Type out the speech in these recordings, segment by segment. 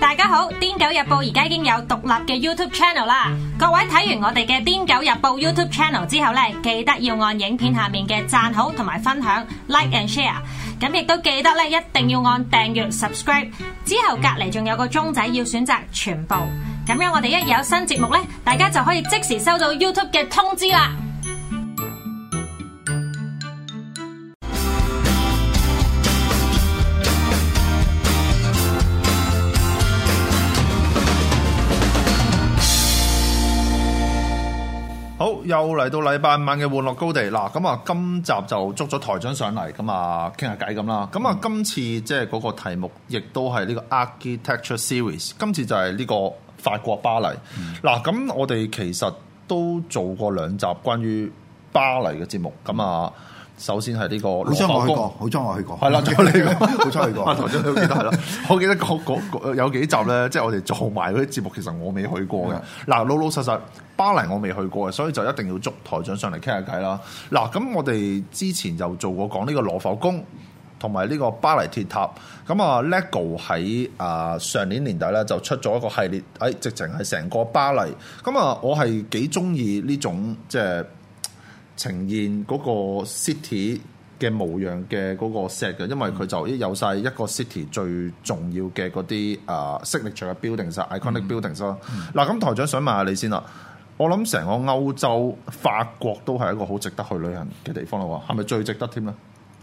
大家好，癲狗日報而家已經有獨立嘅 YouTube Channel 啦。各位睇完我哋嘅癲狗日報 YouTube Channel 之後咧，記得要按影片下面嘅讚好同埋分享 Like and Share。咁亦都記得咧，一定要按訂閱 Subscribe。之後隔籬仲有個鐘仔要選擇全部，咁樣我哋一有新節目咧，大家就可以即時收到 YouTube 嘅通知啦。又嚟到禮拜五晚嘅玩樂高地嗱，咁啊今集就捉咗台長上嚟咁啊傾下偈咁啦，咁啊今次即係嗰個題目亦都係呢個 Architecture Series，今次就係呢個法國巴黎嗱，咁、嗯、我哋其實都做過兩集關於巴黎嘅節目，咁啊。首先係呢個羅浮宮，好彩我，我去過係啦，仲有你個好彩去過。台長都記得係啦，我記得嗰、那個那個那個、有幾集咧，即、就、係、是、我哋做埋嗰啲節目，其實我未去過嘅。嗱的，老老實實，巴黎我未去過嘅，所以就一定要捉台長上嚟傾下偈啦。嗱，咁我哋之前就做過講呢個羅浮宮，同埋呢個巴黎鐵塔。咁啊，LEGO 喺啊、uh，上年年底咧就出咗一個系列，誒、哎，直情係成個巴黎。咁啊，我係幾中意呢種即係。就是呈現嗰個 city 嘅模樣嘅嗰個 set 嘅，因為佢就已經有晒一個 city 最重要嘅嗰啲啊，signature 嘅 building set，iconic building set 啦。嗱，咁台長想問下你先啦，我諗成個歐洲，法國都係一個好值得去旅行嘅地方啦喎，係咪最值得添咧？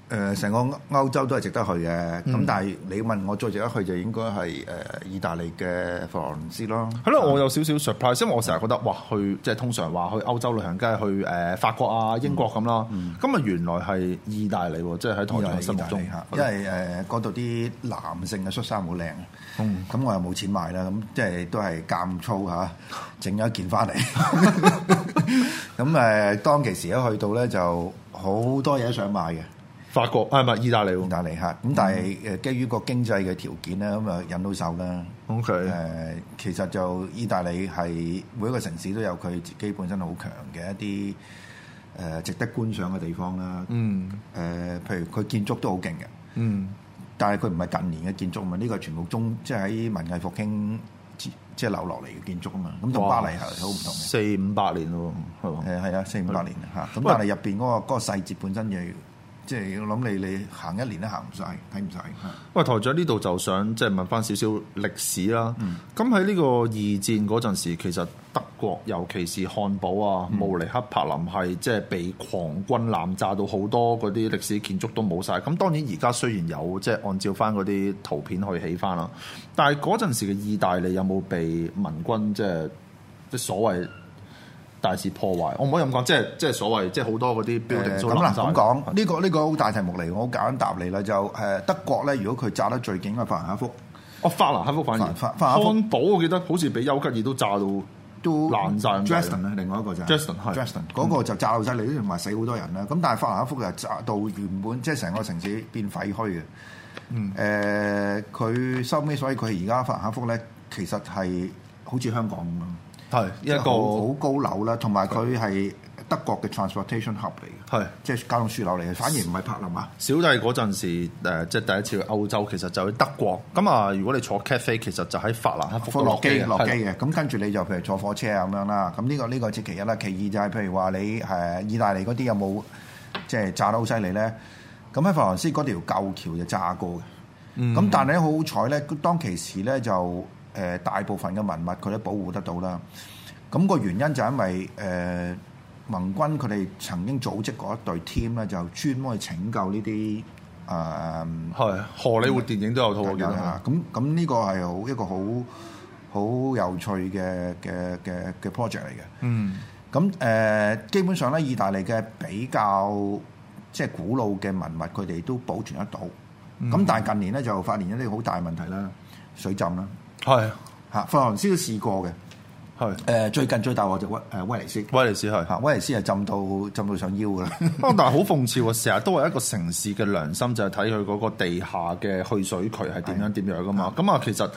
誒成、呃、個歐洲都係值得去嘅，咁、嗯、但係你問我最值得去就應該係誒、呃、意大利嘅佛羅倫斯咯。係咯，我有少少 surprise，因為我成日覺得哇，去即係通常話去歐洲旅行，梗係去誒、呃、法國啊、英國咁啦。咁啊，嗯嗯、原來係意大利，即係喺台長心目中嚇，因為誒嗰度啲男性嘅恤衫好靚，咁、嗯、我又冇錢買啦，咁即係都係夾粗嚇整咗一件翻嚟。咁誒、 呃、當其時一去到咧，就好多嘢想買嘅。法國啊，係咪？意大利，意大利嚇。咁但係誒，基於個經濟嘅條件咧，咁啊、嗯、引到手啦。咁佢，誒，其實就意大利係每一個城市都有佢自己本身好強嘅一啲誒值得觀賞嘅地方啦。嗯，誒、呃，譬如佢建築都好勁嘅。嗯，但係佢唔係近年嘅建築啊嘛，呢、這個全部中即係喺文藝復興即係留落嚟嘅建築啊嘛。咁、嗯、同巴黎係好唔同四、嗯。四五百年咯，誒係啊，四五百年嚇。咁但係入邊嗰個嗰個細節本身嘅。即係要諗你你行一年都行唔晒，睇唔晒。喂，台長呢度就想即係問翻少少歷史啦。咁喺呢個二戰嗰陣時，其實德國尤其是漢堡啊、慕尼黑、柏林，係即係被狂軍濫炸到好多嗰啲歷史建築都冇晒。咁當然而家雖然有即係、就是、按照翻嗰啲圖片去起翻啦，但係嗰陣時嘅意大利有冇被民軍即係即係所謂大肆破壞，我唔可以咁講，即係即係所謂即係好多嗰啲標定咁嗱。咁講呢個呢個好大題目嚟，我簡答你啦，就誒德國咧，如果佢炸得最勁嘅法蘭克福，哦，法蘭克福反而法蘭克福，我記得好似俾丘吉爾都炸到都爛曬，Dresden 啊，另外一個就 Dresden，Dresden 嗰個就炸晒你嚟，同埋死好多人啦。咁但係法蘭克福就炸到原本即係成個城市變廢墟嘅。嗯，佢收尾，所以佢而家法蘭克福咧，其實係好似香港咁樣。係一個好高樓啦，同埋佢係德國嘅 transportation hub 嚟嘅是，係即係交通樞紐嚟嘅，反而唔係柏林啊？小弟嗰陣時即係第一次去歐洲，其實就去德國。咁啊，如果你坐 cafe，其實就喺法蘭克福落機嘅。落機嘅，咁跟住你就譬如坐火車啊咁樣啦。咁呢、呢個呢、呢個即其一啦。其二就係譬如話你誒意大利嗰啲有冇即係炸得好犀利咧？咁喺佛羅斯嗰條舊橋就炸過嘅。咁、嗯、但係好彩咧，當其時咧就。誒、呃、大部分嘅文物佢都保護得到啦。咁、那個原因就係因為誒、呃、盟軍佢哋曾經組織過一隊 team 咧，就專門去拯救呢啲誒，係荷里活電影都有套嘅嚇。咁咁呢個係好一個好好有趣嘅嘅嘅嘅 project 嚟嘅。嗯，咁誒、呃、基本上咧，意大利嘅比較即係古老嘅文物，佢哋都保存得到。咁、嗯、但係近年咧就發現咗啲好大問題啦，嗯、水浸啦。係，吓法蘭斯都試過嘅，係誒是最近最大鑊就威誒威尼斯，威尼斯係吓威尼斯係浸到浸到上腰嘅啦。 但係好諷刺，成日都係一個城市嘅良心，就係睇佢嗰個地下嘅去水渠係點樣點樣噶嘛。咁啊是，嗯、其實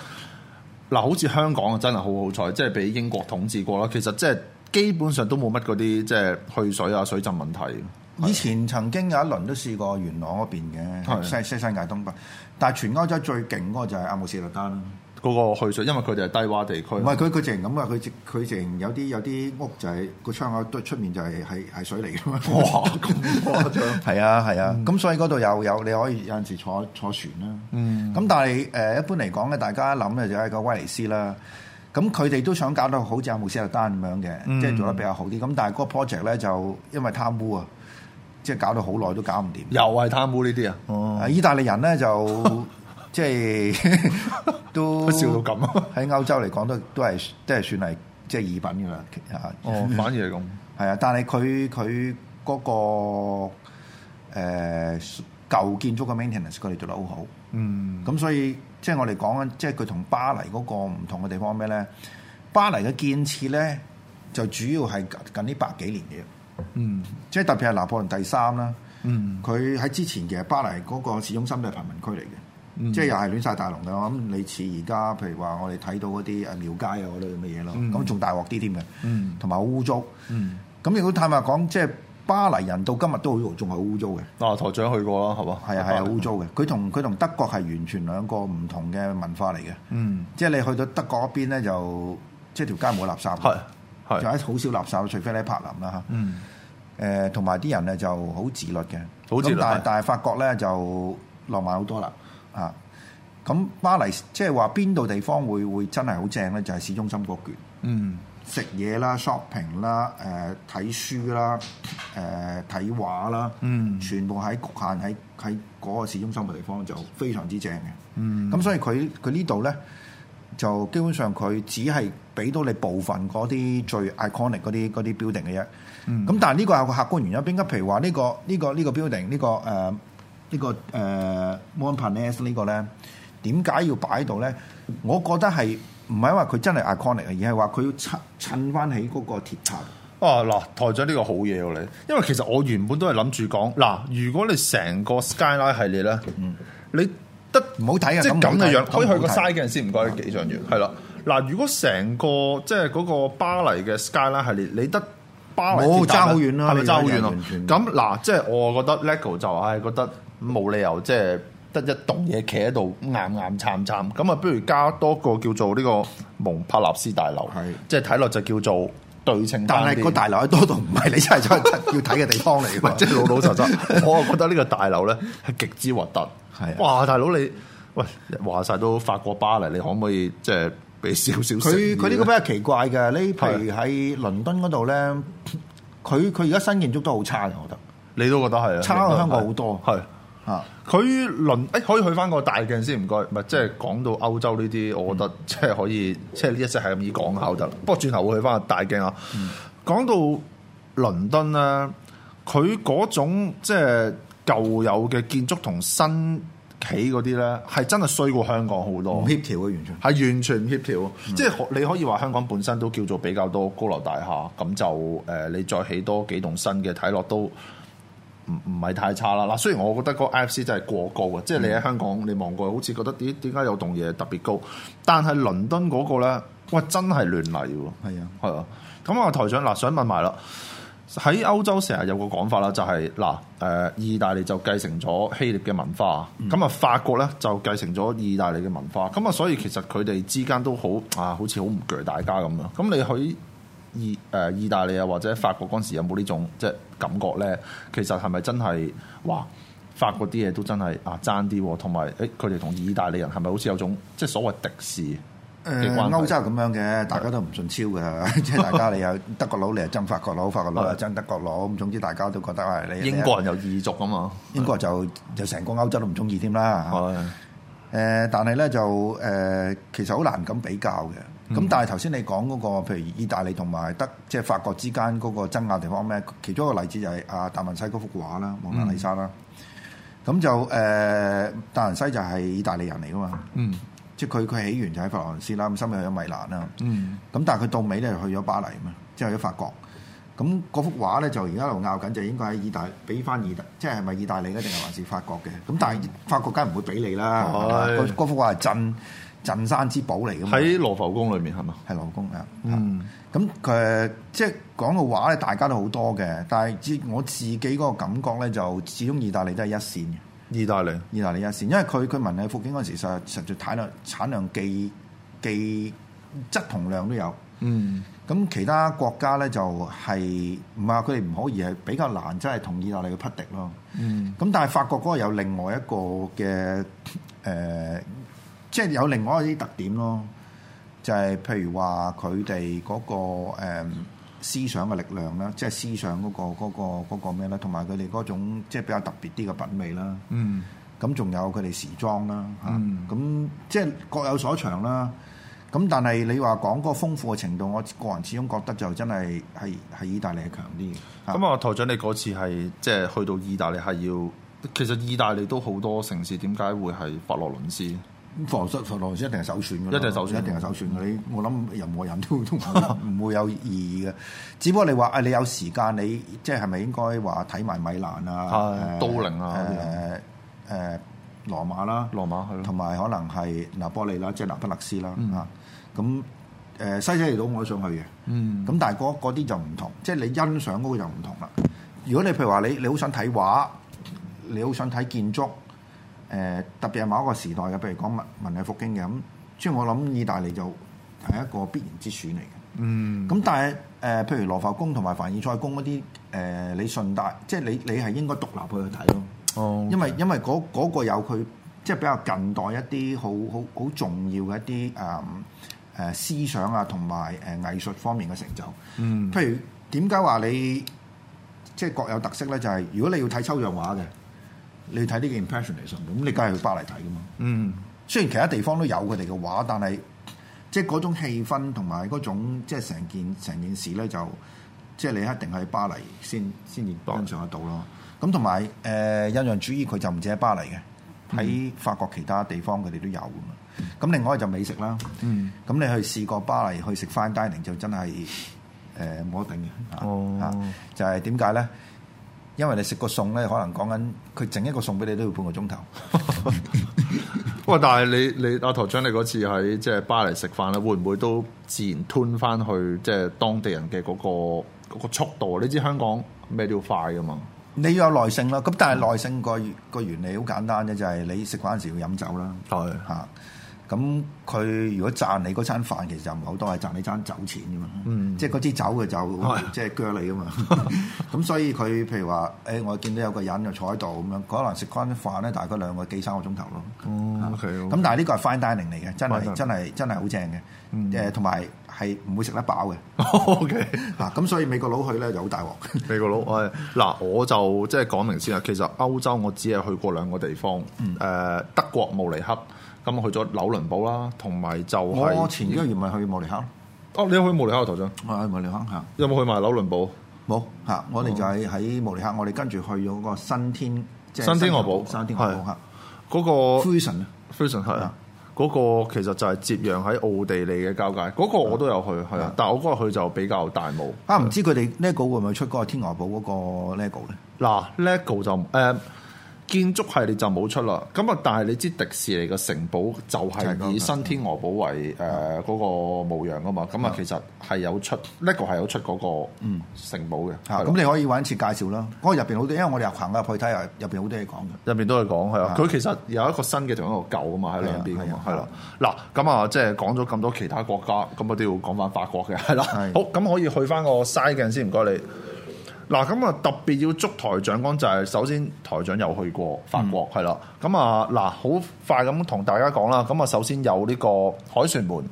嗱，好似香港啊，真係好好彩，即係俾英國統治過啦。其實即係基本上都冇乜嗰啲即係去水啊水浸問題。是以前曾經有一輪都試過元朗嗰邊嘅西西西雅東北，但係全歐洲最勁嗰個就係阿姆斯特丹啦。嗰個去水，因為佢哋係低洼地區。唔係佢佢直情咁啊！佢佢直情有啲有啲屋就係個窗口都出面就係係係水嚟㗎嘛哇。哇！咁誇張。係啊係啊，咁、啊嗯、所以嗰度又有，有你可以有陣時坐坐船啦。咁、嗯、但係誒、呃、一般嚟講咧，大家一諗咧就係個威尼斯啦。咁佢哋都想搞到好似阿姆斯特丹咁樣嘅，即係、嗯、做得比較好啲。咁但係嗰個 project 咧就因為貪污啊，即、就、係、是、搞到好耐都搞唔掂。嗯、又係貪污呢啲、嗯、啊？意大利人咧就。 即係 都笑到咁，喺歐洲嚟講，都都係都係算係即係二品㗎啦嚇。哦，反而係咁，係啊、那個，但係佢佢嗰個誒舊建築嘅 maintenance，佢哋做得好好。嗯，咁所以即係我哋講啊，即係佢同巴黎嗰個唔同嘅地方咩咧？巴黎嘅建設咧，就主要係近呢百幾年嘅。嗯，即係特別係拿破崙第三啦。嗯，佢喺之前嘅巴黎嗰個市中心都係貧民區嚟嘅。即係又係亂晒大龍嘅，咁你似而家譬如話，我哋睇到嗰啲啊廟街啊嗰類咁嘅嘢咯，咁仲大鑊啲添嘅，同埋好污糟。咁亦都坦白講，即係巴黎人到今日都仲係好污糟嘅。啊，台長去過啦，係嘛？係啊，係啊，污糟嘅。佢同佢同德國係完全兩個唔同嘅文化嚟嘅。即係你去到德國嗰邊咧，就即係條街冇垃圾，係係，就好少垃圾，除非你喺柏林啦嚇。嗯。同埋啲人咧就好自律嘅，但係法國咧就浪漫好多啦。啊，咁巴黎即係話邊度地方會會真係好正咧？就係、是、市中心嗰卷，嗯，食嘢啦、shopping 啦、誒、呃、睇書啦、誒睇畫啦，嗯，全部喺局限喺喺嗰個市中心嘅地方就非常之正嘅，嗯，咁所以佢佢呢度咧就基本上佢只係俾到你部分嗰啲最 iconic 嗰啲嗰啲 building 嘅啫，咁、嗯、但係呢個係個客觀原因，點解、這個？譬如話呢個呢、這個呢、這個 building 呢、這個誒。呃呢個誒 Monoplane o 呢個咧，點解要擺喺度咧？我覺得係唔係因為佢真係 iconic 而係話佢要襯襯翻起嗰個鐵塔。哦，嗱，台長呢個好嘢喎你，因為其實我原本都係諗住講嗱，如果你成個 Skyline 系列咧，你得唔好睇啊！即係咁嘅樣，可以去個 size 嘅人先，唔該幾長遠。係啦，嗱，如果成個即係嗰個巴黎嘅 Skyline 系列，你得巴黎爭好遠啦，係咪爭好遠啊？咁嗱，即係我覺得 LEGO 就係覺得。冇理由即係得一棟嘢企喺度硬硬撐撐，咁啊，不如加多個叫做呢個蒙帕納斯大樓，即係睇落就叫做對稱。但係個大樓喺多度唔係你真係真係要睇嘅地方嚟㗎，即係老老實實，我覺得呢個大樓咧係極之核突。係哇，大佬你喂，話晒都法國巴黎，你可唔可以即係俾少少？佢佢呢個比較奇怪嘅，呢譬如喺倫敦嗰度咧，佢佢而家新建築都好差嘅，我覺得。你都覺得係啊？差香港好多係。佢倫誒可以去翻個大鏡先，唔該，唔係即係講到歐洲呢啲，我覺得即係可以，嗯、即係呢一隻係咁易講口得啦。不過轉頭會去翻個大鏡啊。嗯、講到倫敦咧，佢嗰種即係舊有嘅建築同新起嗰啲咧，係真係衰過香港好多。唔協調嘅完全係完全唔協調，嗯、即係你可以話香港本身都叫做比較多高樓大廈，咁就誒、呃、你再起多幾棟新嘅，睇落都。唔唔係太差啦，嗱，雖然我覺得個 IFC 真係過高嘅，嗯、即係你喺香港你望過去，好似覺得點點解有棟嘢特別高，但係倫敦嗰個咧，哇真係亂嚟喎，係是啊，啊，係啊，咁啊台長嗱，想問埋啦，喺歐洲成日有個講法啦，就係、是、嗱，誒、啊，意大利就繼承咗希臘嘅文化，咁啊、嗯、法國咧就繼承咗意大利嘅文化，咁啊所以其實佢哋之間都好啊，好似好唔鋸大家咁樣，咁你喺意誒、呃，意大利啊，或者法國嗰陣時有冇呢種即係、就是、感覺咧？其實係咪真係話法國啲嘢都真係啊爭啲，同埋誒佢哋同意大利人係咪好似有種即係、就是、所謂敵視嘅關係？呃、歐洲咁樣嘅，大家都唔順超嘅，即係是的 大家 你有德國佬你又憎法國佬，法國佬又憎德國佬，咁總之大家都覺得係你、哎、英國人有異族咁、啊、嘛。英國就就成個歐洲都唔中意添啦。誒，但係咧就誒，其實好難咁比較嘅。咁、嗯、但係頭先你講嗰、那個，譬如意大利同埋德，即係法國之間嗰個爭拗地方咩？其中一個例子就係阿達文西嗰幅畫啦，蒙娜麗莎啦。咁、嗯、就誒、呃，達文西就係意大利人嚟噶嘛？嗯，即係佢佢起源就喺法蘭斯啦，咁心入有米蘭啦。嗯，咁但係佢到尾咧去咗巴黎嘛，即係去咗法國。咁嗰幅畫咧就而家一路拗緊，就是、應該喺意大俾翻意大，即係係咪意大利咧，定係還是法國嘅？咁但係法國梗唔會俾你啦。嗰、哎、幅畫係真。鎮山之寶嚟嘅嘛，喺羅浮宮裏面係嘛？係羅宮啊，嗯，咁佢即係講嘅話咧，大家都好多嘅，但係自我自己嗰個感覺咧，就始終意大利都係一線嘅。意大利，意大利一線，因為佢佢文藝復興嗰陣時，實在產量產量既既，既，既質同量都有，嗯，咁其他國家咧就係唔係佢哋唔可以係比較難，即係同意大利去匹敵咯，嗯，咁但係法國嗰個有另外一個嘅誒。呃呃即係有另外一啲特點咯，就係、是、譬如話佢哋嗰個、嗯、思想嘅力量啦，即係思想嗰、嗰個嗰咩咧，同埋佢哋嗰種即係比較特別啲嘅品味啦。嗯，咁仲有佢哋時裝啦，嚇咁、嗯、即係各有所長啦。咁但係你話講嗰個豐富嘅程度，我個人始終覺得就真係係係意大利係強啲嘅。咁啊，台長你，你嗰次係即係去到意大利係要其實意大利都好多城市，點解會係佛羅倫斯？防塞防羅斯一定係首選嘅，一定首選，一定係首選嘅。你我諗任何人都都唔會有異議嘅。只不過你話啊，你有時間你即係係咪應該話睇埋米蘭啊、都靈啊、誒誒羅馬啦、羅馬去咯，同埋可能係嗱波利啦，即係那不勒斯啦嚇。咁誒西西里島我都想去嘅。嗯，咁但係嗰啲就唔同，即係你欣賞嗰個就唔同啦。如果你譬如話你你好想睇畫，你好想睇建築。誒特別係某一個時代嘅，譬如講文文藝復興嘅咁，即係我諗意大利就係一個必然之選嚟嘅。嗯。咁但係誒、呃，譬如羅浮宮同埋凡爾賽宮嗰啲誒，你順帶即係你你係應該獨立去去睇咯。嗯、因為哦。Okay. 因為因為嗰個有佢即係比較近代一啲好好好重要嘅一啲誒誒思想啊，同埋誒藝術方面嘅成就。嗯。譬如點解話你即係各有特色咧？就係、是、如果你要睇抽象畫嘅。你睇呢個 Impressionism 嘅，咁你梗係去巴黎睇㗎嘛？嗯，雖然其他地方都有佢哋嘅畫，但係即係嗰種氣氛同埋嗰種即係成件成件事咧，就即係你一定喺巴黎先先至跟上得到咯。咁同埋誒印象主義佢就唔止喺巴黎嘅，喺法國其他地方佢哋都有噶嘛。咁、嗯、另外就美食啦，咁、嗯、你去試過巴黎去食 fine dining 就真係誒冇得頂嘅嚇，就係點解咧？因為你食個餸咧，可能講緊佢整一個餸俾你都要半個鐘頭。不過 但係你你阿、啊、台長你嗰次喺即係巴黎食飯咧，會唔會都自然吞翻去即係、就是、當地人嘅嗰、那個那個速度？你知香港咩都要快㗎嘛？你要有耐性啦。咁但係耐性個個原理好簡單嘅，就係、是、你食飯時要飲酒啦。對的，嚇。咁佢如果賺你嗰餐飯，其實就唔係好多，係賺你餐酒錢啫嘛。嗯，即係嗰支酒嘅就即係鋸你噶嘛。咁所以佢譬如話，誒我見到有個人就坐喺度咁樣，可能食翻啲飯咧，大概兩個幾三個鐘頭咯。OK。咁但係呢個係 fine dining 嚟嘅，真係真係真係好正嘅。誒，同埋係唔會食得飽嘅。OK。嗱，咁所以美國佬去咧就好大鑊。美國佬，誒嗱，我就即係講明先啦。其實歐洲我只係去過兩個地方。誒，德國慕尼黑。咁去咗紐倫堡啦，同埋就係、是、我、哦、前幾個月咪去慕尼黑咯。哦，你有去慕尼黑啊，頭先。我係慕尼黑，嚇。有冇去埋紐倫堡？冇嚇。我哋就係喺慕尼黑，我哋跟住去咗個新天新天鵝堡，新天鵝堡嚇。嗰、那個。Fusion 神。嗰的個其實就係接壤喺奧地利嘅交界。嗰、那個我都有去，係啊的。但係我嗰日去就比較大霧。沒啊，唔知佢哋 LEGO 會唔會出嗰個天鵝堡嗰個 LEGO 咧？嗱、啊、，LEGO 就誒。嗯建築系列就冇出啦，咁啊，但係你知迪士尼嘅城堡就係以新天鵝堡為誒、呃、嗰 個模樣啊嘛，咁啊， 其實係有出，呢、這個係有出嗰個嗯城堡嘅，嚇、嗯，咁的、嗯、你可以玩一次介紹啦。嗰入邊好多，因為我哋入行嘅，可以睇下，入邊好多嘢講嘅。入邊都係講，係啊，佢的其實有一個新嘅同的一個舊啊嘛，喺兩邊啊嘛，係啦。嗱，咁啊，即係講咗咁多其他國家，咁啊都要講翻法國嘅，係啦。好，咁可以去翻個 size 先，唔該你。嗱，咁啊特別要捉台長講就係、是，首先台長有去過法國，係啦、嗯。咁啊，嗱，好快咁同大家講啦。咁啊，首先有呢個凱旋門，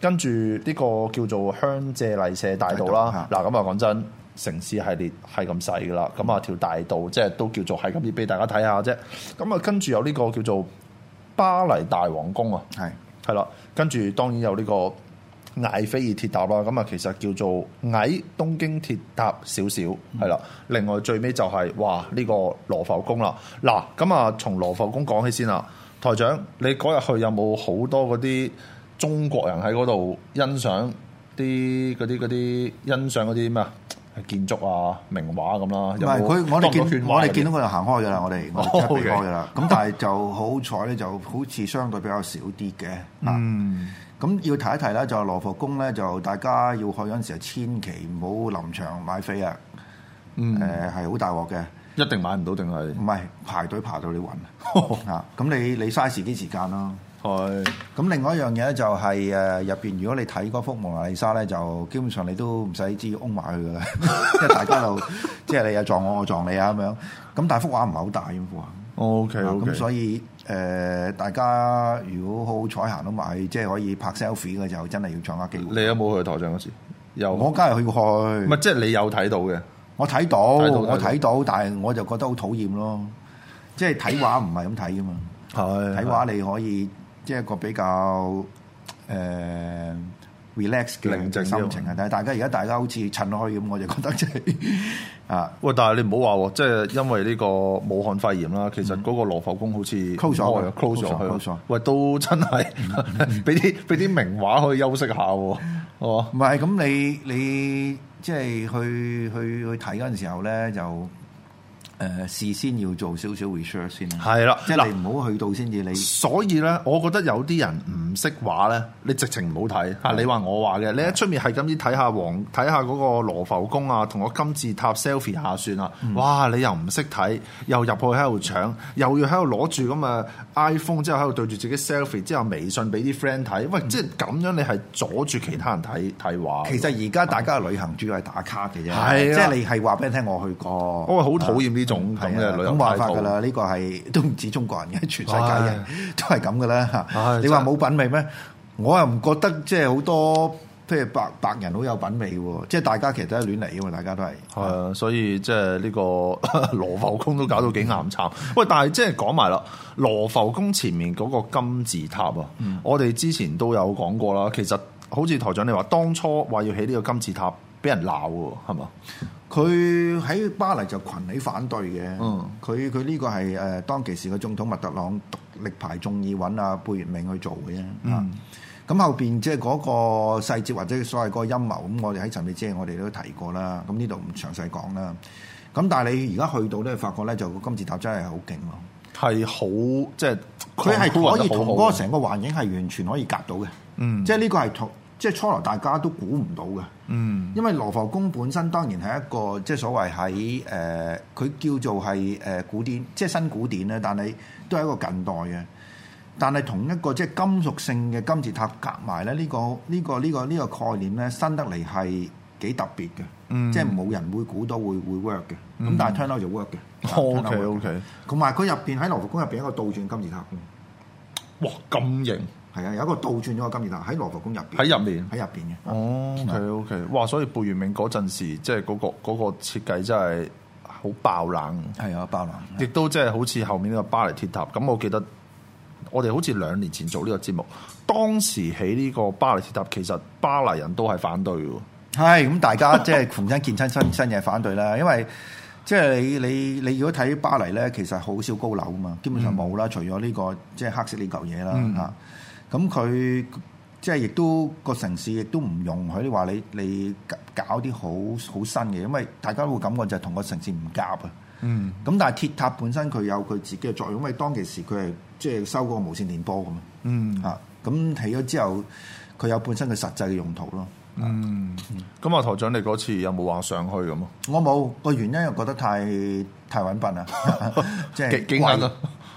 跟住呢個叫做香榭麗舍大道啦。嗱道，咁啊講真，城市系列係咁細噶啦。咁啊條大道即係都叫做係咁，要俾大家睇下啫。咁啊，跟住有呢個叫做巴黎大皇宮啊，係係啦，跟住當然有呢、這個。埃菲爾鐵塔啦，咁啊，其實叫做矮東京鐵塔少少，係啦、嗯。另外最尾就係、是、哇呢、這個羅浮宮啦。嗱、啊，咁啊，從羅浮宮講起先啦。台長，你嗰日去有冇好多嗰啲中國人喺嗰度欣賞啲嗰啲啲欣賞嗰啲咩啊？建築啊，名畫咁、啊、啦。唔係佢，我哋見我哋見到佢就行開嘅啦，我哋我入開嘅啦。咁但係就好彩咧，就好似相對比較少啲嘅。 嗯。咁要提一提啦，就係、羅浮宮咧，就大家要去嗰陣時候，千祈唔好臨場買飛啊！誒、嗯，係好大鑊嘅，一定買唔到定係？唔係排隊排到你暈、哦、啊！咁你你嘥時機時間咯。係、哦。咁另外一樣嘢咧、就係，就係誒入邊，如果你睇嗰幅蒙娜麗莎咧，就基本上你都唔使知屋埋去嘅啦，即 係大家 就即係你又撞我，我撞你啊咁樣。咁但係幅畫唔係好大幅啊。O K，咁所以誒、呃，大家如果好好彩行到埋，即係可以拍 selfie 嘅時候，真係要掌握機會。你有冇去台上嗰時？有，我梗係去過。唔係，即係你有睇到嘅？我睇到，我睇到，到但係我就覺得好討厭咯。即係睇畫唔係咁睇㗎嘛。係睇 畫你可以即係一個比較誒。呃 relax 嘅寧靜心情啊！但係大家而家大家好似趁開咁，我就覺得即係啊！喂， 但係你唔好話喎，即係因為呢個武漢肺炎啦，其實嗰個羅浮宮好似 close 咗，close 咗，喂，都真係俾啲俾啲名畫去休息下喎，係嘛？唔係咁，你你即係去去去睇嗰陣時候咧就。誒、呃、事先要做少少 research 先啦，係啦的，即係、就是、你唔好去到先至你。所以咧，我覺得有啲人唔識畫咧，你直情唔好睇。啊是的，你話我話嘅，你喺出面係咁啲睇下黃睇下嗰個羅浮宮啊，同個金字塔 selfie 下算啦。哇，你又唔識睇，又入去喺度搶，又要喺度攞住咁啊 iPhone 之後喺度對住自己 selfie 之後微信俾啲 friend 睇。喂，即係咁樣你係阻住其他人睇睇畫。的其實而家大家嘅旅行主要係打卡嘅啫，係的的即係你係話俾人聽我去過，我好討厭呢種。咁咁話法㗎啦，呢個係都唔止中國人嘅，全世界人、哎、都係咁嘅啦嚇。哎、你話冇品味咩？哎、我又唔覺得，即係好多譬如白白人好有品味喎。即係大家其實都係亂嚟嘅嘛，大家都係。係啊，啊所以即係呢個 羅浮宮都搞到幾巖巉。喂， 但係即係講埋啦，羅浮宮前面嗰個金字塔啊，我哋之前都有講過啦。其實好似台長你話，當初話要起呢個金字塔。 俾人鬧喎，係嘛？佢喺巴黎就群起反對嘅。嗯，佢佢呢個係誒、呃、當其時嘅總統麥特朗力排眾議揾阿貝聿銘去做嘅啊。咁、嗯嗯、後邊即係嗰個細節或者所謂個陰謀，咁我哋喺陳美芝我哋都提過啦。咁呢度唔詳細講啦。咁但係你而家去到咧，發覺咧就金字塔真係好勁咯，係好即係佢係可以同嗰個成個環境係完全可以夾到嘅。即係呢個係同。即係初來，大家都估唔到嘅。嗯，因為羅浮宮本身當然係一個即係所謂喺誒，佢、呃、叫做係誒古典，即係新古典咧。但係都係一個近代嘅。但係同一個即係金屬性嘅金字塔夾埋咧，呢、呢個呢、呢個呢、呢個呢、呢個概念咧，新得嚟係幾特別嘅。嗯、即係冇人會估到會會 work 嘅。咁、嗯、但係 turn out 就 work 嘅。O K O K 同埋佢入邊喺羅浮宮入邊一個倒轉金字塔。哇！咁型。係啊，有一個倒轉咗嘅金字塔喺羅浮宮入邊，喺入面，喺入邊嘅。哦，係啊，OK OK，哇！所以貝聿銘嗰陣時，即係嗰個嗰個設計真係好爆冷。係啊，爆冷。亦都即係好似後面呢個巴黎鐵塔咁，我記得我哋好似兩年前做呢個節目，當時喺呢個巴黎鐵塔，其實巴黎人都係反對嘅。係咁，大家即係逢親見親新新嘢反對啦， 因為即係你你你，你如果睇巴黎咧，其實好少高樓啊嘛，基本上冇啦，嗯、除咗呢個即係黑色呢嚿嘢啦嚇。嗯咁佢即係亦都個城市亦都唔容許你話你你搞啲好好新嘅，因為大家會感覺就係同個城市唔夾啊。嗯。咁但係鐵塔本身佢有佢自己嘅作用，因為當其時佢係即係收嗰個無線電波㗎嘛、嗯啊。嗯。嚇，咁起咗之後，佢有本身嘅實際嘅用途咯。嗯。咁啊、嗯嗎，台長，你嗰次有冇話上去咁啊？我冇，個原因又覺得太太揾笨啦，即係幾眼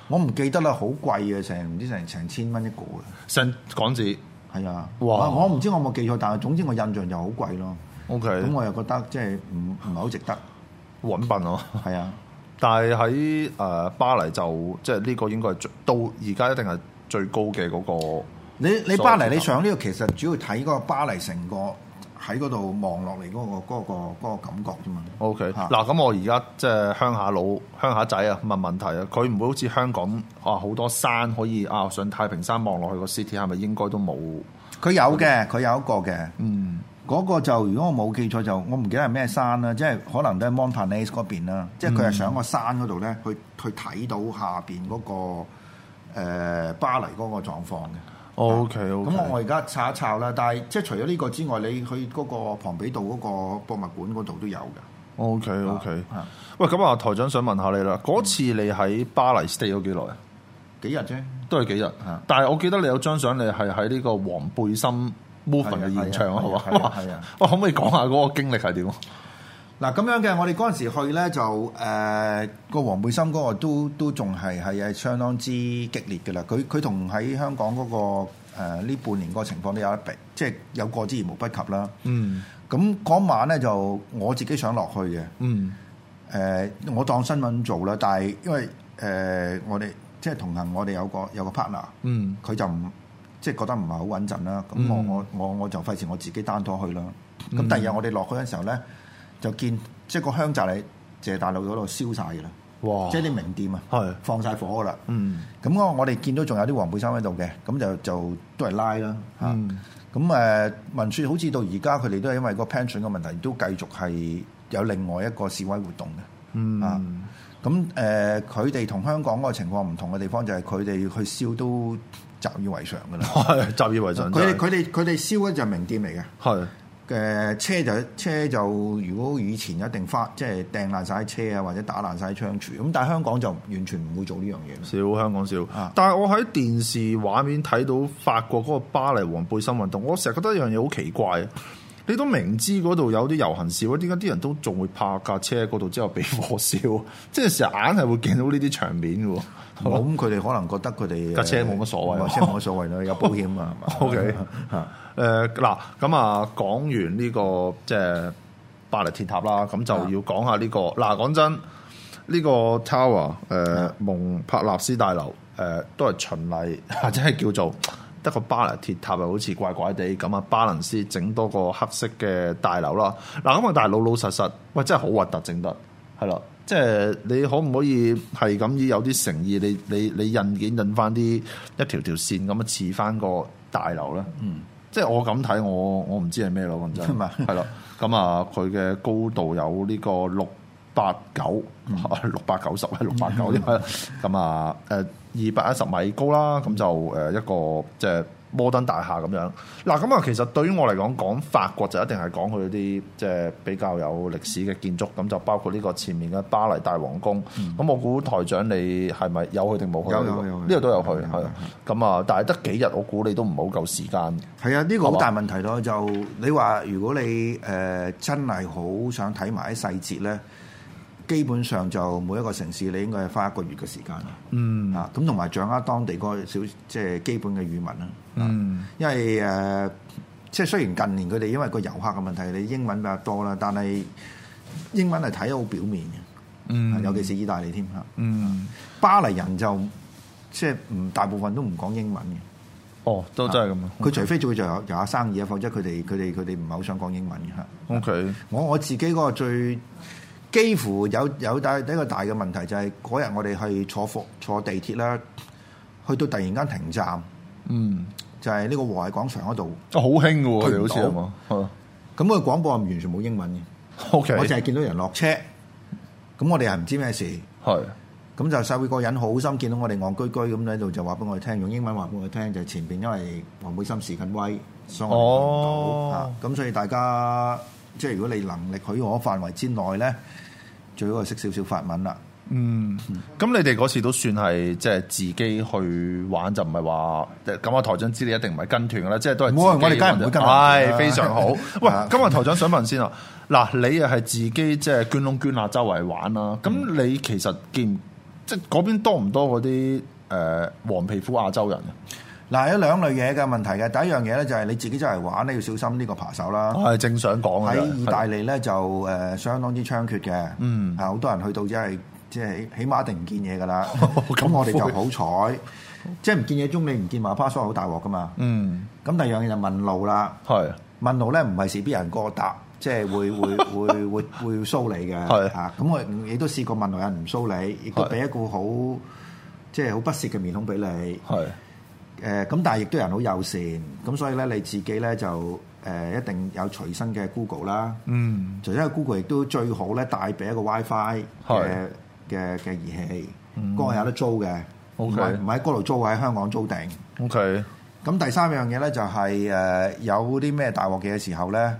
我唔記得啦，好貴嘅，成唔知成成千蚊一個嘅，成港紙係啊，的哇！我唔知我有冇記錯，但係總之我印象就好貴咯。O K，咁我又覺得即係唔唔係好值得，揾笨咯。係啊，的 但係喺誒巴黎就即係呢個應該係最到而家一定係最高嘅嗰、嗰個。你你巴黎你上呢個其實主要睇嗰個巴黎成個。喺嗰度望落嚟嗰個嗰、嗰個嗰個、感覺啫嘛。OK，嗱咁我而家即係鄉下佬、鄉下仔啊問問題啊，佢唔會好似香港啊好多山可以啊上太平山望落去個 city 係咪應該都冇？佢有嘅，佢、嗰個、有一個嘅。嗯，嗰、嗯、個就如果我冇記錯就我唔記得係咩山啦、啊，即係可能都係 Montana 嗰邊啦、啊，即係佢係上個山嗰度咧去去睇到下邊嗰、嗰個、呃、巴黎嗰個狀況嘅。O K K，咁我而家查一查啦，但係即係除咗呢個之外，你去嗰個龐比道嗰個博物館嗰度都有嘅。O K O K，喂，咁啊台長想問下你啦，嗰次你喺巴黎 stay 咗幾耐啊？幾日啫，都係幾日。嗯、但係我記得你有張相，你係喺呢個黃背心 movement 嘅現場啊，係係啊，啊，啊，啊，啊，啊，啊，我可唔可以講下嗰個經歷係點？嗱咁樣嘅，我哋嗰陣時去咧就誒個、呃、黃背心嗰個都都仲係係係相當之激烈嘅啦。佢佢同喺香港嗰、那個呢、呃、半年個情況都有得比，即、就、係、是、有過之而無不及啦。嗯，咁嗰晚咧就我自己想落去嘅。嗯，誒、呃、我當新聞做啦，但係因為誒、呃、我哋即係同行，我哋有個有個 partner。嗯，佢就唔即係覺得唔係好穩陣啦。咁我我我我就費事我自己單拖去啦。咁第二日我哋落去嘅時候咧。嗯就見即係個香榭大道嗰度燒晒嘅啦，即係啲哇名店啊，放晒火嘅啦。咁我我哋見到仲有啲黃背心喺度嘅，咁就就都係拉啦。咁誒，聞說好似到而家佢哋都係因為個 pension 嘅問題，都繼續係有另外一個示威活動嘅。嗯、啊，咁、呃、誒，佢哋同香港嗰個情況唔同嘅地方就係佢哋去燒都習以為常嘅啦。係習以為常。佢哋佢哋佢哋燒嘅就係名店嚟嘅。係是。嘅車就車就，如果以前一定翻，即係掟爛晒車啊，或者打爛晒窗櫥。咁但係香港就完全唔會做呢樣嘢。少香港少，啊、但係我喺電視畫面睇到法國嗰個巴黎黃背心運動，我成日覺得一樣嘢好奇怪。你都明知嗰度有啲遊行示威，點解啲人都仲會拍架車嗰度之後被火燒？即係成日硬係會見到呢啲場面嘅喎。咁佢哋可能覺得佢哋架車冇乜所謂，車冇乜所謂咯，有 保險啊嘛。OK 嚇、這個，誒嗱咁啊，講完呢個即係巴黎鐵塔啦，咁就要講下呢個嗱，講 真呢、呢個 Tower 誒、呃、 蒙帕納斯大樓誒都係循例，或者係叫做得個巴黎鐵塔又好似怪怪地咁啊，巴倫斯整多個黑色嘅大樓啦。嗱咁啊，但係老老實實，老實，喂真係好核突整得係啦。 即係你可唔可以係咁依有啲誠意？你你你印件印翻啲一,一條條線咁啊，似翻個大樓啦！嗯，即係我咁睇，我我唔知係咩咯，咁真係，係咯咁啊，佢嘅高度有呢個六八九，六百九十啊，六百九咁啊，誒二百一十米高啦，咁、嗯、 就誒一個即係。就是摩登大廈咁樣，嗱咁啊，其實對於我嚟講，講法國就一定係講佢啲即係比較有歷史嘅建築，咁就包括呢個前面嘅巴黎大皇宮。咁、嗯、我估台長你係咪有去定冇去？有有有，呢個都有去，係。咁啊，但係得幾日，我估你都唔好夠時間。係啊，呢、呢個好大問題咯。就吧你話，如果你誒、呃、真係好想睇埋啲細節咧。基本上就每一個城市，你應該係花一個月嘅時間啦。嗯，啊咁同埋掌握當地嗰個小即係、就是、基本嘅語文啦。嗯，因為誒，即、呃、係雖然近年佢哋因為個遊客嘅問題，你英文比較多啦，但係英文係睇得好表面嘅。嗯，尤其是意大利添吓。嗯，巴黎人就即係唔大部分都唔講英文嘅。哦，都真係咁啊！佢 okay. 除非做就有有生意啊，否則佢哋佢哋佢哋唔係好想講英文嘅吓。O Okay . K，我我自己嗰個最。幾乎有有大一個大嘅問題就係嗰日我哋去坐火坐地鐵啦，去到突然間停站，嗯，就係呢個和諧廣場嗰度，啊好興嘅喎，你好笑啊嘛，咁個廣播係完全冇英文嘅，我淨係見到人落車，咁我哋係唔知咩事，係咁就社會個人好心見到我哋戇居居咁喺度就話俾我哋聽，用英文話俾我哋聽，就係前邊因為黃背心示緊威，所以我唔到啊，咁所以大家即係如果你能力許可範圍之內咧。最好係識少少法文啦。嗯，咁、嗯、你哋嗰次都算係即係自己去玩，就唔係話，即係今日台長知你一定唔係跟團啦，即、就、係、是、都係。冇會、啊，己我哋梗係唔會跟團。係、哎、非常好。 喂， 今日台長想問先啊，嗱， 你又係自己即係捐窿捐罅周圍玩啦。咁、嗯、你其實見即係嗰邊多唔多嗰啲誒黃皮膚亞洲人？嗱，有兩類嘢嘅問題嘅，第一樣嘢咧，就係你自己真係玩咧，要小心呢個扒手啦。係正想講嘅。喺意大利咧，就誒相當之猖獗嘅。嗯。係好多人去到，即係即係起碼一定唔見嘢噶啦。咁我哋就好彩，即係唔見嘢中你唔見話扒手好大鑊噶嘛。嗯。咁第二樣嘢就問路啦。係。問路咧，唔係事必有人過答，即係會會會會會騷你嘅。係。嚇咁我亦都試過問路人唔騷你，亦都俾一個好即係好不屑嘅面孔俾你。係。誒咁，但係亦都有人好友善，咁所以咧你自己咧就誒一定有隨身嘅 Google 啦，嗯，隨身嘅 Google，亦都最好咧帶畀一個 WiFi 嘅嘅嘅儀器，嗰個有得租嘅，O K，唔喺嗰度租，喺香港租定，O K。咁第三樣嘢咧就係誒有啲咩大鑊嘅時候咧，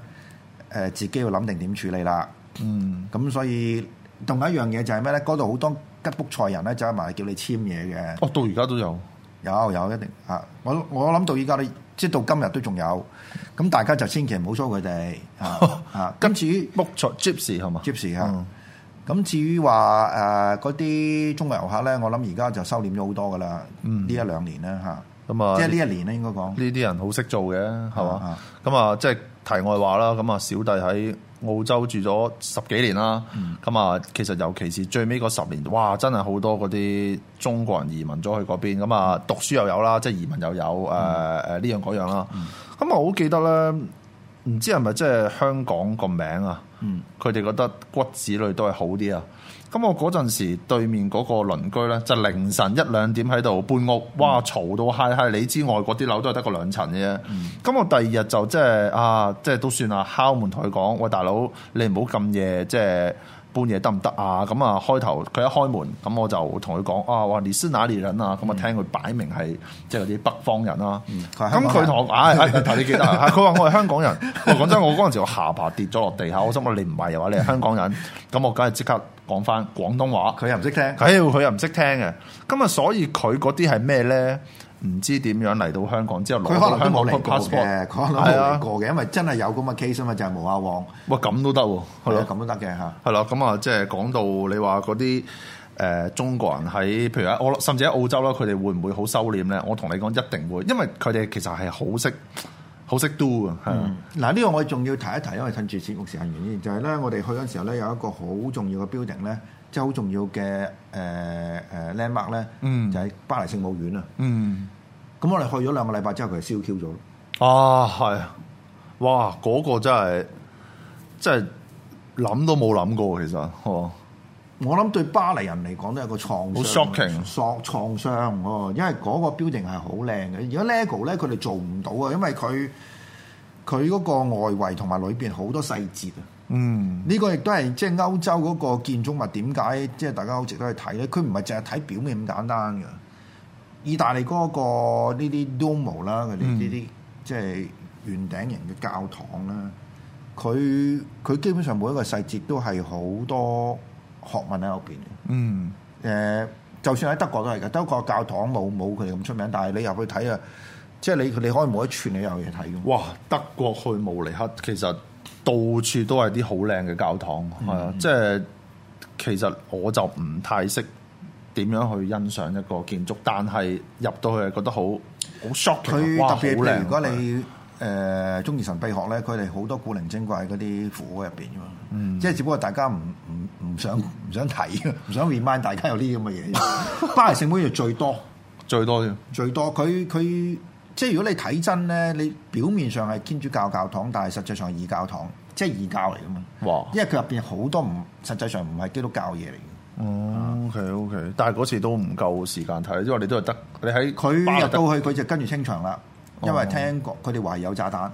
誒自己要諗定點處理啦，嗯。咁所以同埋一樣嘢就係咩咧？嗰度好多吉卜賽人咧，走埋叫你簽嘢嘅，哦，到而家都有。有有一定嚇、啊，我我諗到依家咧，即到今日都仲有，咁大家就千祈唔好騷佢哋嚇嚇。咁、啊啊啊、至於 Gypsy 係嘛 Gypsy 嚇，咁至於話誒嗰啲中國遊客咧，我諗而家就收斂咗好多噶啦，呢、嗯、一兩年啦嚇。咁啊，麼即係呢一年咧應該講呢啲人好識做嘅係嘛，咁啊，啊即係題外話啦。咁啊小弟喺。澳洲住咗十幾年啦，咁啊、嗯，其實尤其是最尾嗰十年，哇，真係好多嗰啲中國人移民咗去嗰邊，咁啊，讀書又有啦，即係移民又有，誒誒呢樣嗰樣啦。咁、嗯、我好記得咧，唔知係咪即係香港個名啊？嗯，佢哋覺得骨子裏都係好啲啊。咁我嗰陣時對面嗰個鄰居咧，就凌晨一兩點喺度半屋，哇嘈到嗨嗨。你知外國啲樓都係得個兩層嘅啫。咁、嗯、我第二日就即、就、係、係啊，即係都算啦，敲門同佢講：喂，大佬，你唔好咁夜，即係。搬嘢得唔得啊？咁啊，開頭佢一開門，咁我就同佢講啊，哇！你是哪裡人啊？咁啊，聽佢擺明係即係嗰啲北方人啦、啊。咁佢同我，唉，誒，頭你記得佢話我係香港人。跟跟我講、哎哎、 講真，我嗰陣時我下巴跌咗落地下。我心諗你唔係嘅話，你係香港人，咁 我梗係即刻講翻廣東話。佢又唔識聽，哎，佢又唔識聽嘅。咁啊，所以佢嗰啲係咩咧？唔知點樣嚟到香港之後佢可能香港嚟過嘅，可能冇嚟過嘅，啊、因為真係有咁嘅 case 啊嘛，就係無阿旺。哇，咁都得喎，咯、啊，咁都得嘅嚇。係咯，咁啊，啊，即係講到你話嗰啲誒中國人喺譬如喺澳，甚至喺澳洲啦，佢哋會唔會好收斂咧？我同你講，一定會，因為佢哋其實係好識好識 do 啊。嗱、嗯，呢個我仲要提一提，因為趁住節目時間原因，就係咧，我哋去嗰陣時候咧，有一個好重要嘅標準咧。即好重要嘅誒誒，landmark 咧，呃嗯、就喺巴黎聖母院啊。咁、嗯、我哋去咗兩個禮拜之後，佢就燒 Q 咗咯。哦、啊，係啊！哇，嗰、那個真係真係諗都冇諗過，其實係、哦、我諗對巴黎人嚟講都係個創傷，shocking、創創傷哦。因為嗰個 building 係好靚嘅，而家 lego 咧，佢哋做唔到啊，因為佢佢嗰個外圍同埋裏邊好多細節啊。嗯，呢個亦都係即係歐洲嗰個建築物點解即係大家好值得去睇咧？佢唔係淨係睇表面咁簡單嘅。意大利嗰個呢啲 Duomo 啦，佢哋呢啲即係圓頂型嘅教堂啦，佢佢基本上每一個細節都係好多學問喺入邊嘅。嗯，誒、呃，就算喺德國都係嘅，德國教堂冇冇佢哋咁出名，但係你入去睇啊，即係你佢你可以每一寸你有嘢睇。哇，德國去慕尼黑其實～到處都係啲好靚嘅教堂，係啊、嗯，即係其實我就唔太識點樣去欣賞一個建築，但係入到去係覺得好好 shock 嘅，哇！好靚如，如果你誒中意神秘學咧，佢哋好多古靈精怪嗰啲符喺入邊㗎嘛，嗯，即係只不過大家唔唔唔想唔想睇嘅，唔想 remind 大家有啲咁嘅嘢。 巴黎聖母院就最多，最多嘅，最多佢佢。即係如果你睇真咧，你表面上係天主教教堂，但係實際上係異教堂，即係異教嚟嘅嘛？哇嘩！因為佢入邊好多唔實際上唔係基督教嘢嚟嘅。哦、嗯，OK，OK，okay, okay. 但係嗰次都唔夠時間睇，因為你都係得你喺佢入到去，佢就跟住清場啦。哦、因為聽過佢哋話有炸彈。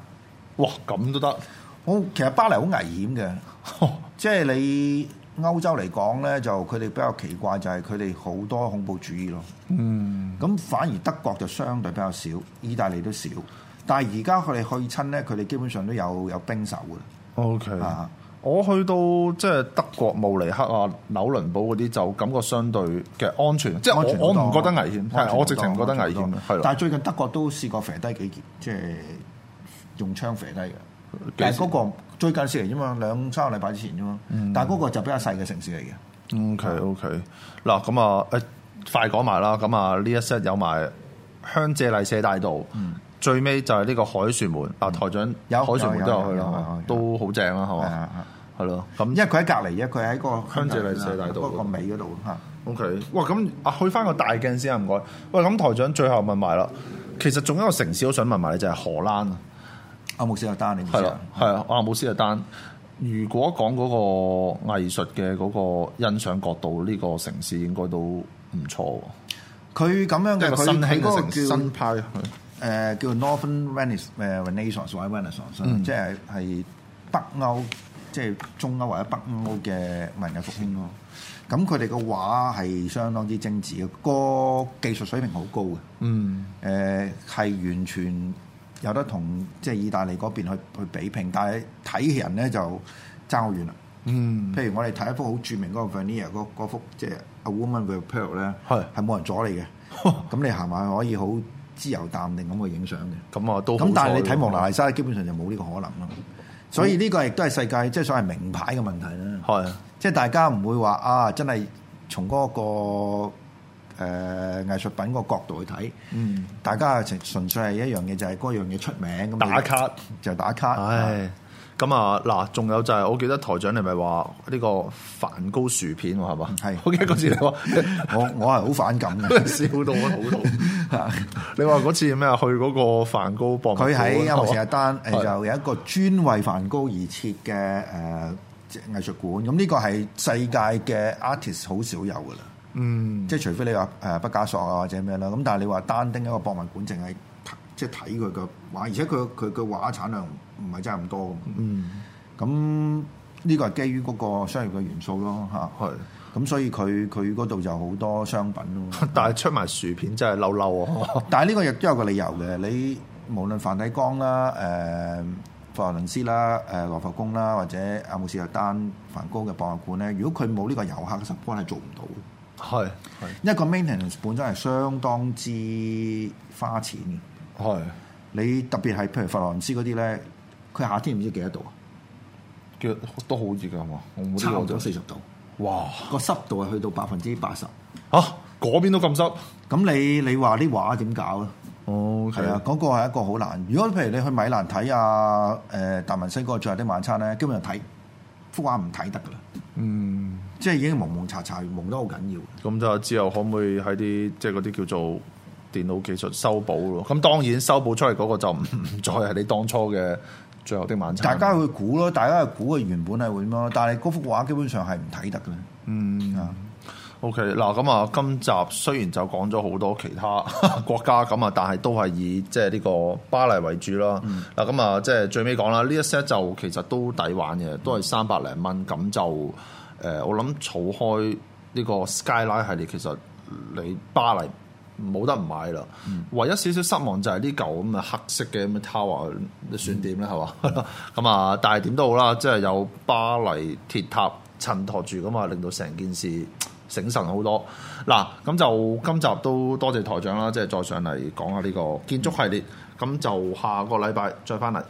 哇！咁都得？我其實巴黎好危險嘅，呵即係你。歐洲嚟講咧，就佢哋比較奇怪，就係佢哋好多恐怖主義咯。嗯，咁反而德國就相對比較少，意大利都少。但係而家佢哋去親咧，佢哋基本上都有有兵守嘅。O Okay , K 啊，我去到即係、就是、德國慕尼黑啊、紐倫堡嗰啲，就感覺相對嘅安全，安全即係我唔覺得危險。係，我直情覺得危險。係，的但係最近德國都試過射低幾件，即、就、係、是、用槍射低嘅。但係嗰個最近先嚟啫嘛，兩三個禮拜之前啫嘛。但係嗰個就比較細嘅城市嚟嘅。O K O K 嗱，咁啊，快講埋啦。咁啊，呢一 set 有埋香榭麗舍大道，最尾就係呢個凱旋門。啊，台長，有凱旋門都有去咯，都好正啦，係嘛，係咯。咁因為佢喺隔籬啫，佢喺個香榭麗舍大道嗰個尾嗰度。O K，哇，咁啊，去翻個大鏡先啊，唔該。喂，咁台長最後問埋啦，其實仲有一個城市都想問埋你，就係荷蘭啊。阿姆斯特丹，你唔知啊？係啦，係啊，阿姆斯特丹。如果講嗰個藝術嘅嗰個欣賞角度，呢、這個城市應該都唔錯。佢咁樣嘅，佢嗰個叫新派，誒、呃、叫 Northern Renaissance，誒 Renaissance，嗯、即係係北歐，即係中歐或者北歐嘅文藝復興咯。咁佢哋嘅畫係相當之精緻嘅，個技術水平好高嘅。嗯，誒係、呃、完全。有得同即係意大利嗰邊去去比拼，但係睇人咧就爭好遠啦。嗯，譬如我哋睇一幅好著名嗰個 Frida 嗰幅即係 A Woman Repel 咧，係係冇人阻你嘅，咁你行埋可以好自由淡定咁去影相嘅。咁啊都咁，但係你睇蒙娜麗莎基本上就冇呢個可能啦。所以呢個亦都係世界即係所謂名牌嘅問題啦。係、嗯，即係大家唔會話啊，真係從嗰、嗰個。嗰個誒、呃、藝術品個角度去睇，嗯，大家純粹係一樣嘢，就係、是、嗰樣嘢出名咁，打卡就打卡。咁啊嗱，仲、uh、有就係、是、我記得台長你咪話呢個梵高薯片喎，係嘛？係是，我記得嗰次你我我我係好反感嘅， 笑到我肚痛。你話嗰次咩啊？去嗰個梵高博物館，佢喺因為成日單誒， 就有一個專為梵、梵高而設嘅誒藝術館。咁呢個係世界嘅 artist 好少有噶啦。嗯，即係除非你話誒畢加索啊或者咩啦，咁但係你話單丁一個博物館淨係即係睇佢嘅畫，而且佢佢嘅畫產量唔係真係咁多，嗯，咁呢、嗯、個係基於嗰個商業嘅元素咯，嚇是。係、啊。咁所以佢佢嗰度就好多商品咯。但係出埋薯片真係嬲嬲啊！ 但係呢個亦都有個理由嘅。你無論梵蒂岡啦、誒、呃、佛羅倫斯啦、誒、呃、羅浮宮啦，或者阿姆斯特丹梵高嘅博物館咧，如果佢冇呢個遊客嘅 support 係做唔到。係係，一個 maintenance 本身係相當之花錢嘅。係是，你特別係譬如佛羅倫斯嗰啲咧，佢夏天唔知幾多度啊？其實都好熱㗎，我差唔多四十度。哇！個濕度係去到百分之八十。嚇，嗰、啊、邊都咁濕，咁你你話啲畫點搞、哦、啊？哦，係啊，嗰個係一個好難。如果譬如你去米蘭睇啊，誒、呃、達文西嗰個《最後的晚餐》咧，基本上睇。幅畫唔睇得噶啦，嗯，即係已經蒙蒙查查，蒙得好緊要。咁就之後可唔可以喺啲即係嗰啲叫做電腦技術修補咯？咁當然修補出嚟嗰個就唔再係你當初嘅最後的晚餐。大家會估咯，大家係估佢原本係會點咯，但係嗰幅畫基本上係唔睇得嘅。嗯啊。嗯 O K 嗱，咁啊，okay，今集雖然就講咗好多其他國家咁啊，但係都係以即係呢個巴黎為主啦。嗱，嗯，咁啊，即係最尾講啦。呢一 set 就其實都抵玩嘅，都係三百零蚊。咁就誒，呃，我諗儲開呢個 Skyline 系列，其實你巴黎冇得唔買啦。嗯，唯一少少失望就係呢嚿咁嘅黑色嘅 Tower，你，嗯，算點咧？係嘛咁啊？ 但係點都好啦，即係有巴黎鐵塔襯托住咁啊，令到成件事。醒神好多。嗱，咁就今集都多謝台長啦，即係再上嚟講下呢個建築系列，咁、嗯、就下個禮拜再返嚟。